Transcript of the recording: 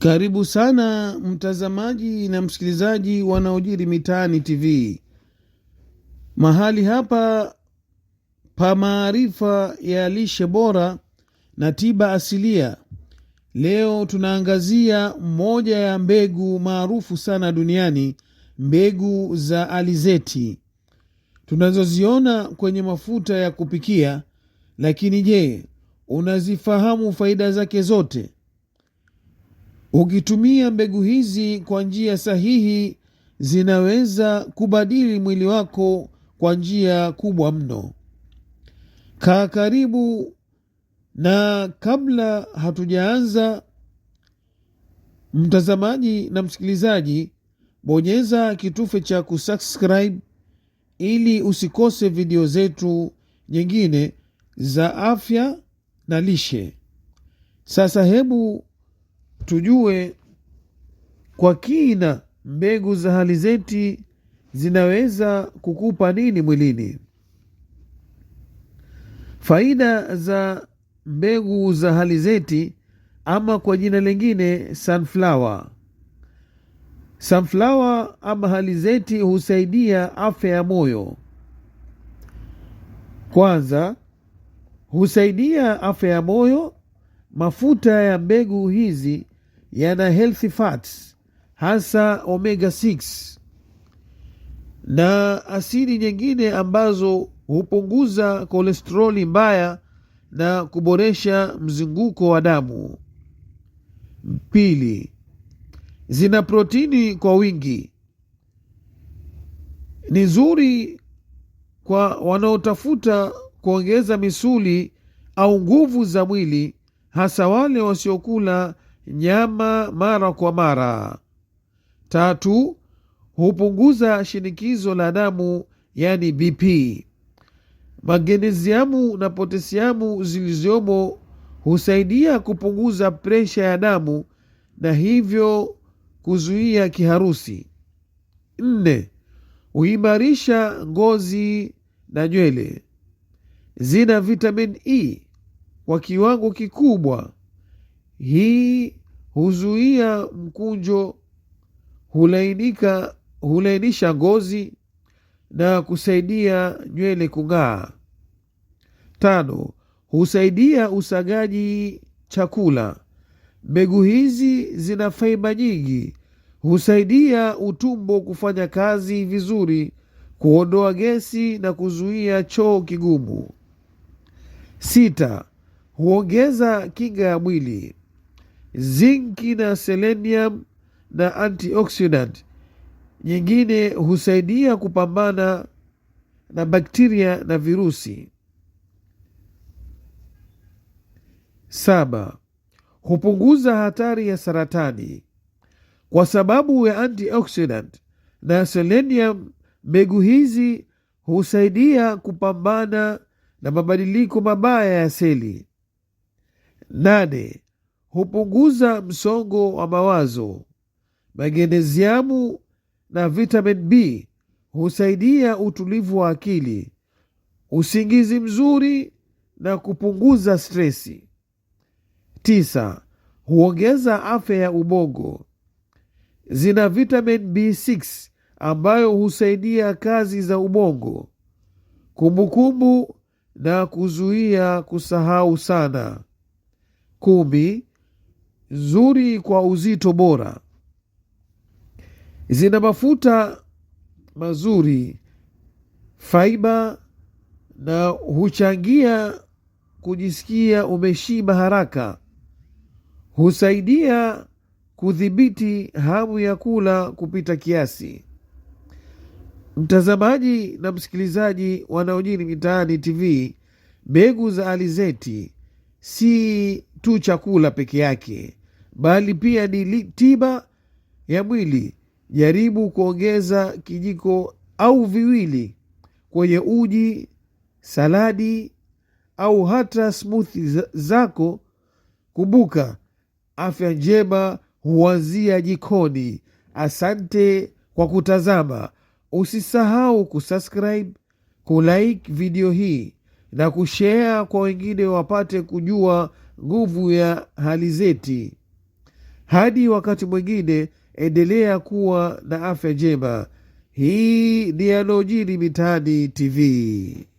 Karibu sana mtazamaji na msikilizaji wanaojiri mitaani TV. Mahali hapa pa maarifa ya lishe bora na tiba asilia. Leo tunaangazia moja ya mbegu maarufu sana duniani, mbegu za alizeti tunazoziona kwenye mafuta ya kupikia. Lakini je, unazifahamu faida zake zote? Ukitumia mbegu hizi kwa njia sahihi, zinaweza kubadili mwili wako kwa njia kubwa mno. Kaa karibu na. Kabla hatujaanza, mtazamaji na msikilizaji, bonyeza kitufe cha kusubscribe ili usikose video zetu nyingine za afya na lishe. Sasa hebu tujue kwa kina mbegu za zeti zinaweza kukupa nini mwilini. Faida za mbegu za zeti ama kwa jina lingine sunflower. Sunflower ama zeti husaidia afya ya moyo. Kwanza husaidia afya ya moyo. Mafuta ya mbegu hizi yana healthy fats hasa omega 6 na asidi nyingine ambazo hupunguza kolesteroli mbaya na kuboresha mzunguko wa damu. Pili, zina protini kwa wingi, ni nzuri kwa wanaotafuta kuongeza misuli au nguvu za mwili, hasa wale wasiokula nyama mara kwa mara. Tatu, hupunguza shinikizo la damu yani BP. Magnesiamu na potesiamu zilizomo husaidia kupunguza presha ya damu na hivyo kuzuia kiharusi. Nne, huimarisha ngozi na nywele. Zina vitamin E kwa kiwango kikubwa. Hii huzuia mkunjo, hulainika, hulainisha ngozi na kusaidia nywele kung'aa. Tano, husaidia usagaji chakula. Mbegu hizi zina faiba nyingi, husaidia utumbo kufanya kazi vizuri, kuondoa gesi na kuzuia choo kigumu. Sita, huongeza kinga ya mwili zinki na selenium na antioxidant. Nyingine husaidia kupambana na bakteria na virusi. Saba, hupunguza hatari ya saratani kwa sababu ya antioxidant na selenium. Mbegu hizi husaidia kupambana na mabadiliko mabaya ya seli. Nane, hupunguza msongo wa mawazo. Magneziamu na vitamin B husaidia utulivu wa akili, usingizi mzuri na kupunguza stresi. Tisa, huongeza afya ya ubongo. Zina vitamin B6 ambayo husaidia kazi za ubongo, kumbukumbu na kuzuia kusahau sana. Kumi, zuri kwa uzito bora, zina mafuta mazuri, faiba na huchangia kujisikia umeshiba haraka. Husaidia kudhibiti hamu ya kula kupita kiasi. Mtazamaji na msikilizaji yanayojiri mitaani TV, mbegu za alizeti si tu chakula peke yake, bali pia ni tiba ya mwili. Jaribu kuongeza kijiko au viwili kwenye uji, saladi au hata smuthi zako. Kumbuka, afya njema huanzia jikoni. Asante kwa kutazama. Usisahau kusubscribe, kulike video hii na kushea kwa wengine wapate kujua nguvu ya zeti hadi wakati mwingine, endelea kuwa na afya njema. Hii ni Yaliyojiri Mitaani TV.